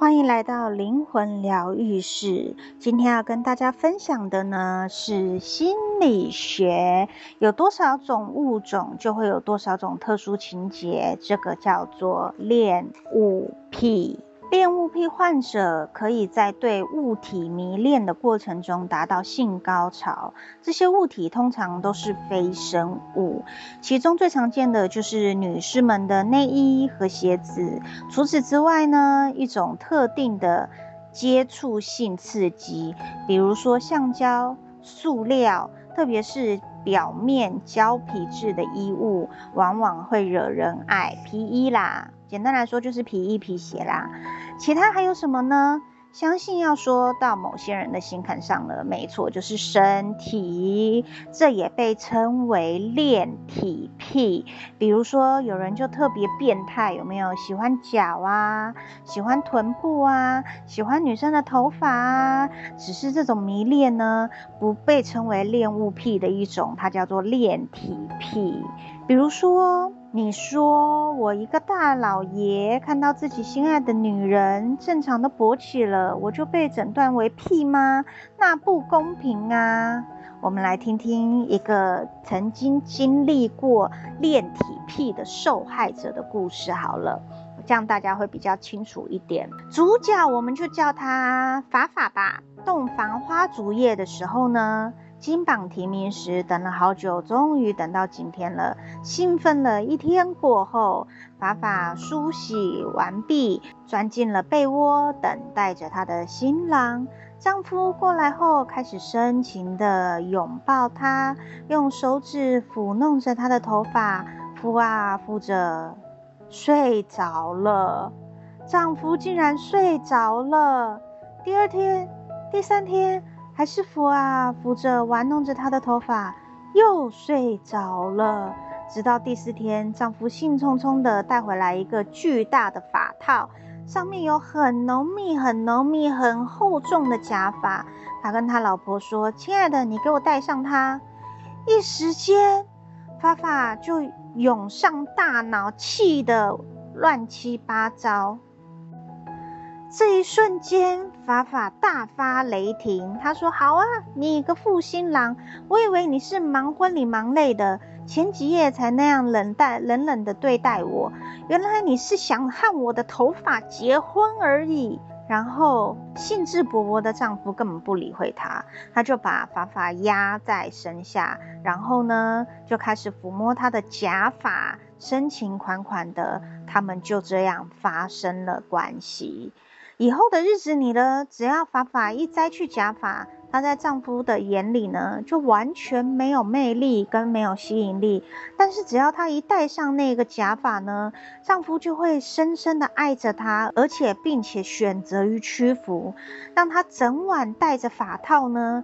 歡迎來到靈魂療癒室。今天要跟大家分享的呢，是心理學，有多少種物種，就會有多少種特殊情節。這個叫做戀物癖。戀物癖患者可以在對物體迷戀的過程中達到性高潮，這些物體通常都是非生物，其中最常見的就是女士們的內衣和鞋子。除此之外呢，一種特定的接觸性刺激，比如說橡膠、塑料，特別是表面膠皮質的衣物，往往會惹人愛。皮衣啦。簡單來說就是皮衣皮鞋啦，其他還有什麼呢？相信要說到某些人的心坎上了，沒錯，就是身體，這也被稱為戀體癖。比如說，有人就特別變態，有沒有？喜歡腳啊，喜歡臀部啊，喜歡女生的頭髮啊。只是這種迷戀呢，不被稱為戀物癖的一種，它叫做戀體癖。比如說，你說。我一個大老爺，看到自己心愛的女人正常的勃起了，我就被診斷為屁嗎？那不公平啊！我們來聽聽一個曾經經歷過戀體癖的受害者的故事好了，這樣大家會比較清楚一點。主角我們就叫他法法吧。洞房花燭夜的時候呢，金榜題名時，等了好久，終於等到今天了。興奮了一天過後，法法梳洗完畢，鑽進了被窩，等待着她的新郎。丈夫過來後，開始深情地擁抱她，用手指撫弄着她的頭髮，撫啊撫着，睡着了。丈夫竟然睡着了。第二天，第三天。還是扶啊扶着玩弄着她的頭髮，又睡着了。直到第四天，丈夫興沖冲的帶回來一個巨大的髮套，上面有很濃密、很濃密、很厚重的假髮。他跟他老婆說：“親愛的，你給我戴上它。”一時間，發發就湧上大腦，氣得亂七八糟。這一瞬間，法法大發雷霆。她說：“好啊，你個負心郎！我以為你是忙婚禮忙累的，前幾夜才那樣冷淡、冷冷的對待我。原來你是想和我的頭髮結婚而已。”然後興致勃勃的丈夫根本不理會她，他就把法法壓在身下，然後呢就開始撫摸她的假髮，深情款款的。他們就這樣發生了關係。以後的日子裡呢，只要髮髮一摘去假髮，她在丈夫的眼裡呢，就完全沒有魅力跟沒有吸引力。但是只要她一戴上那個假髮呢，丈夫就會深深的愛着她，而且並且選擇於屈服，讓她整晚戴着髮套呢。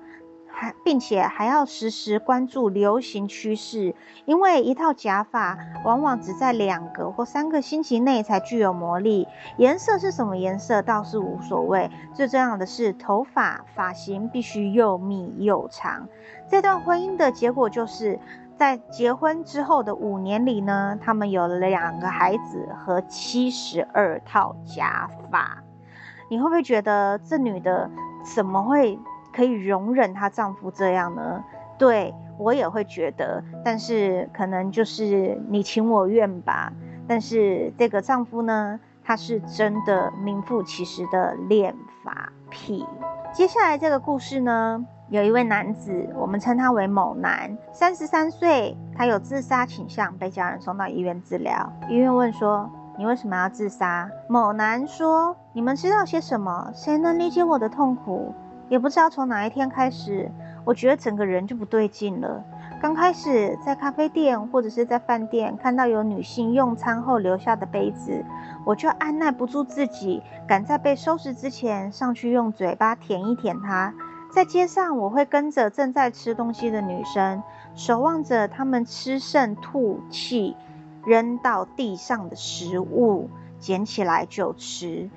並且還要時時關注流行趨勢，因為一套假髮往往只在兩個或三個星期內才具有魔力。顏色是什麼顏色倒是無所謂，最重要的是頭髮髮型必須又密又長。這段婚姻的結果就是在結婚之後的五年裡呢，他們有了兩個孩子和七十二套假髮。你會不會覺得這女的怎麼會？可以容忍她丈夫這樣呢？對我也會覺得，但是可能就是你情我願吧。但是這個丈夫呢，他是真的名副其實的戀髮癖。接下來這個故事呢，有一位男子，我們稱他為某男，三十三歲，他有自殺傾向，被家人送到醫院治療。醫院問說：“你為什麼要自殺？”某男說：“你們知道些什麼？誰能理解我的痛苦？”也不知道從哪一天開始，我覺得整個人就不對勁了。剛開始在咖啡店或者是在飯店看到有女性用餐後留下的杯子，我就按捺不住自己，趕在被收拾之前上去用嘴巴舔一舔它。在街上，我會跟着正在吃東西的女生，守望着她們吃剩吐棄，扔到地上的食物，撿起來就吃。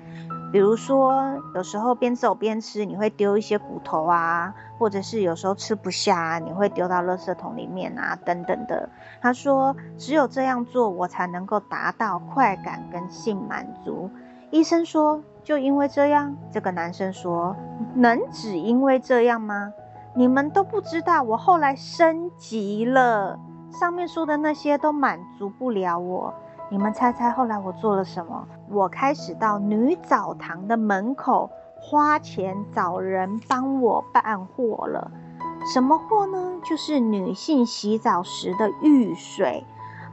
比如說，有時候邊走邊吃，你會丟一些骨頭啊，或者是有時候吃不下，你會丟到垃圾桶裡面啊，等等的。他說，只有這樣做，我才能夠達到快感跟性滿足。醫生說，就因為這樣，這個男生說，能只因為這樣嗎？你們都不知道，我後來升級了，上面說的那些都滿足不了我。你們猜猜後來我做了什麼？我開始到女澡堂的門口花錢找人幫我辦貨了。什麼貨呢？就是女性洗澡時的浴水。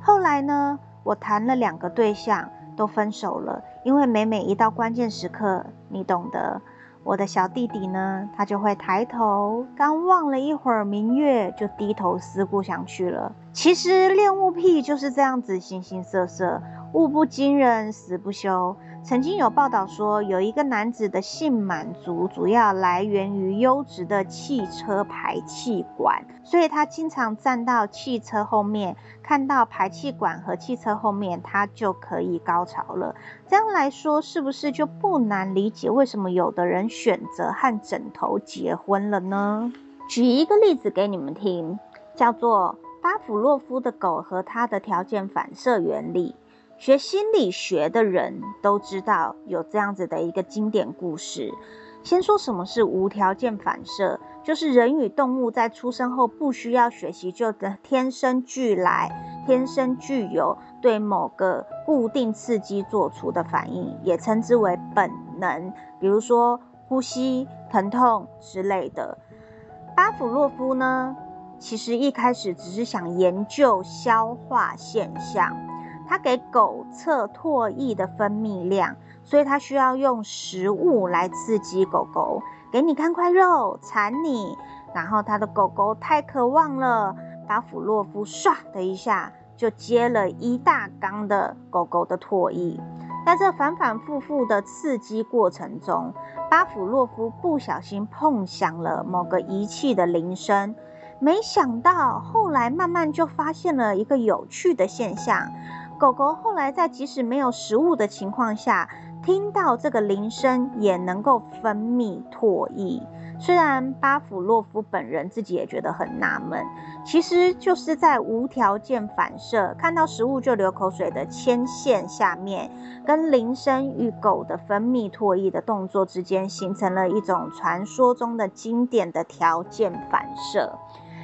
後來呢，我談了兩個對象，都分手了，因為每每一到關鍵時刻，你懂得。我的小弟弟呢，他就會抬頭剛望了一會兒明月，就低頭思故鄉去了。其實戀物癖就是這樣子，形形色色，物不驚人死不休。曾經有報道說，有一個男子的性滿足主要來源於優質的汽車排氣管，所以他經常站到汽車後面，看到排氣管和汽車後面，他就可以高潮了。這樣來說，是不是就不難理解為什麼有的人選擇和枕頭結婚了呢？舉一個例子給你們聽，叫做巴甫洛夫的狗和他的條件反射原理。學心理學的人都知道有這樣子的一個經典故事。先說什麼是無條件反射，就是人與動物在出生後不需要學習，就得天生俱來、天生具有對某個固定刺激做出的反應，也稱之為本能，比如說呼吸、疼痛之類的。巴甫洛夫呢，其實一開始只是想研究消化現象。他給狗測唾液的分泌量，所以他需要用食物來刺激狗狗。給你看塊肉，饞你。然後他的狗狗太渴望了，巴甫洛夫唰的一下就接了一大缸的狗狗的唾液。在這反反復復的刺激過程中，巴甫洛夫不小心碰響了某個儀器的鈴聲。沒想到後來慢慢就發現了一個有趣的現象。狗狗後來在即使沒有食物的情況下，聽到這個鈴聲也能夠分泌唾液。雖然巴甫洛夫本人自己也覺得很納悶，其實就是在無條件反射，看到食物就流口水的牽線下面，跟鈴聲與狗的分泌唾液的動作之間，形成了一種傳說中的經典的條件反射。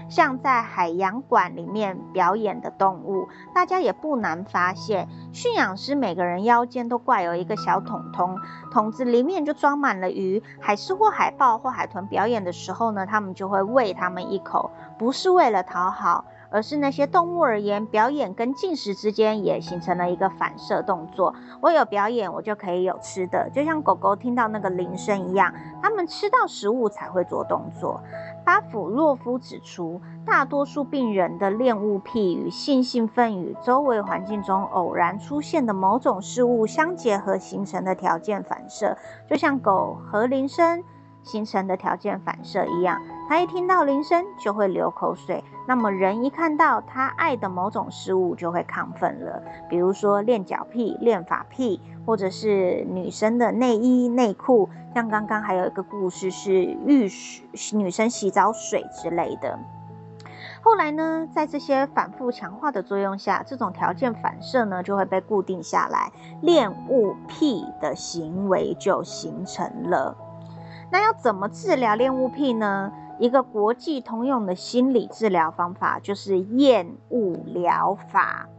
像在海洋館裡面表演的動物，大家也不難發現，馴養師每個人腰間都掛有一個小桶桶，桶子裡面就裝滿了魚、海獅或海豹或海豚。表演的時候呢，他們就會餵他們一口，不是為了討好，而是那些動物而言，表演跟進食之間也形成了一個反射動作。我有表演，我就可以有吃的，就像狗狗聽到那個鈴聲一樣，它們吃到食物才會做動作。巴甫洛夫指出，大多數病人的戀物癖與性興奮與周圍環境中偶然出現的某種事物相結合形成的條件反射，就像狗和鈴聲形成的條件反射一樣。一聽到鈴聲就會流口水。那麼人一看到他愛的某種事物就會亢奮了，比如說戀腳癖、戀髮癖，或者是女生的內衣內褲。像剛剛還有一個故事是浴女生洗澡水之類的。後來呢，在這些反復強化的作用下，這種條件反射呢就會被固定下來，戀物癖的行為就形成了。那要怎麼治療戀物癖呢？一個國際通用的心理治療方法就是厭惡療法，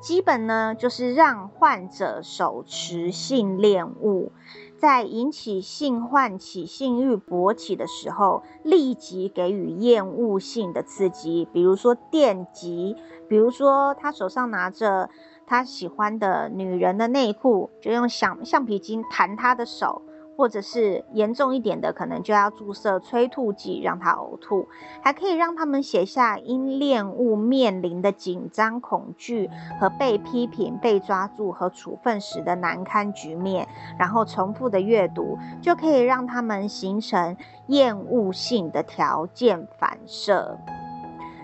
基本呢就是讓患者手持性戀物，在引起性喚起、性欲勃起的時候，立即給予厭惡性的刺激，比如說電擊，比如說他手上拿着他喜歡的女人的內褲，就用橡橡皮筋彈他的手。或者是嚴重一點的，可能就要注射催吐劑，讓他嘔吐。還可以讓他們寫下因戀物面臨的緊張、恐懼和被批評、被抓住和處分時的難堪局面，然後重複的閱讀，就可以讓他們形成厭惡性的條件反射。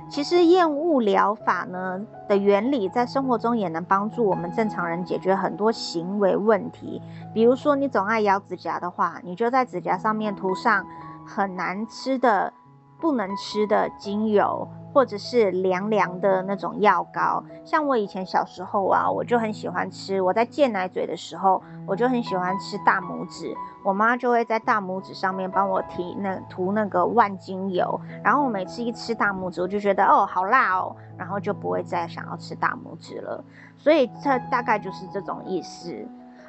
其實厭惡療法呢的原理，在生活中也能幫助我們正常人解決很多行為問題。比如說，你總愛咬指甲的話，你就在指甲上面塗上很難吃的。不能吃的精油，或者是涼涼的那種藥膏，像我以前小時候啊，我就很喜歡吃。我在戒奶嘴的時候，我就很喜歡吃大拇指。我媽就會在大拇指上面幫我提那塗那個萬金油，然後我每次一吃大拇指，我就覺得哦好辣哦，然後就不會再想要吃大拇指了。所以這大概就是這種意思。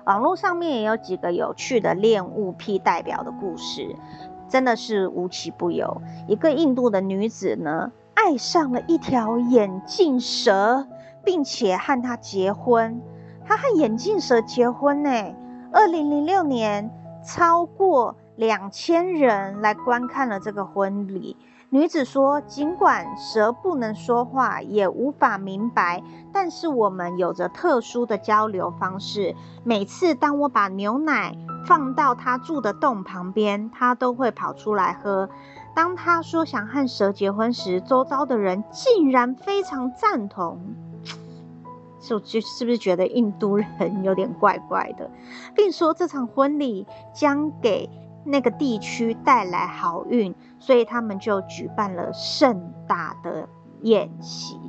網絡上面也有幾個有趣的戀物癖代表的故事。真的是無奇不有。一個印度的女子呢，愛上了一條眼鏡蛇，並且和它結婚。她和眼鏡蛇結婚呢、欸？二零零六年，超過兩千人來觀看了這個婚禮。女子說：“儘管蛇不能說話，也無法明白，但是我們有着特殊的交流方式。每次當我把牛奶……”放到他住的洞旁邊，他都會跑出來喝。當他說想和蛇結婚時，周遭的人竟然非常贊同。就是不是覺得印度人有點怪怪的？並說這場婚禮將給那個地區帶來好運，所以他們就舉辦了盛大的宴席。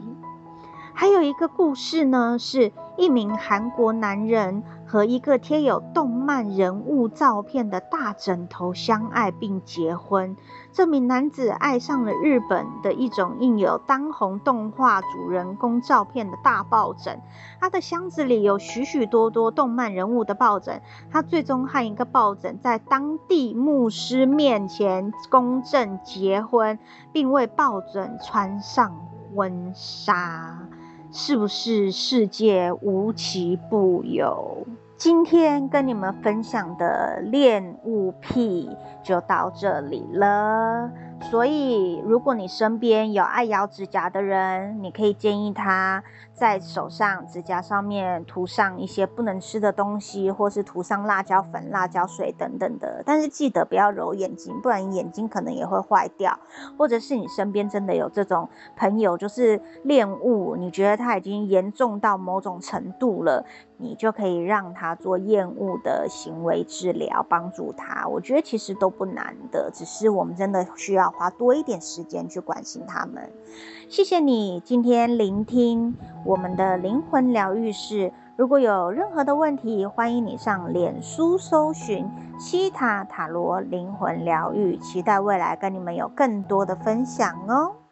還有一個故事呢，是一名韓國男人。和一個貼有動漫人物照片的大枕頭相愛並結婚。這名男子愛上了日本的一種印有當紅動畫主人公照片的大抱枕。他的箱子裡有許許多多動漫人物的抱枕。他最終和一個抱枕在當地牧師面前公證結婚，並為抱枕穿上婚紗。是不是世界無奇不有？今天跟你們分享的戀物癖就到這裡了。所以，如果你身邊有愛咬指甲的人，你可以建議他在手上、指甲上面塗上一些不能吃的東西，或是塗上辣椒粉、辣椒水等等的。但是記得不要揉眼睛，不然眼睛可能也會壞掉。或者是你身邊真的有這種朋友，就是戀物，你覺得它已經嚴重到某種程度了。你就可以讓他做厭惡的行為治療，幫助他。我覺得其實都不難的，只是我們真的需要花多一點時間去關心他們。謝謝你今天聆聽我們的靈魂療癒室。如果有任何的問題，歡迎你上臉書搜尋希塔塔羅靈魂療癒，期待未來跟你們有更多的分享哦。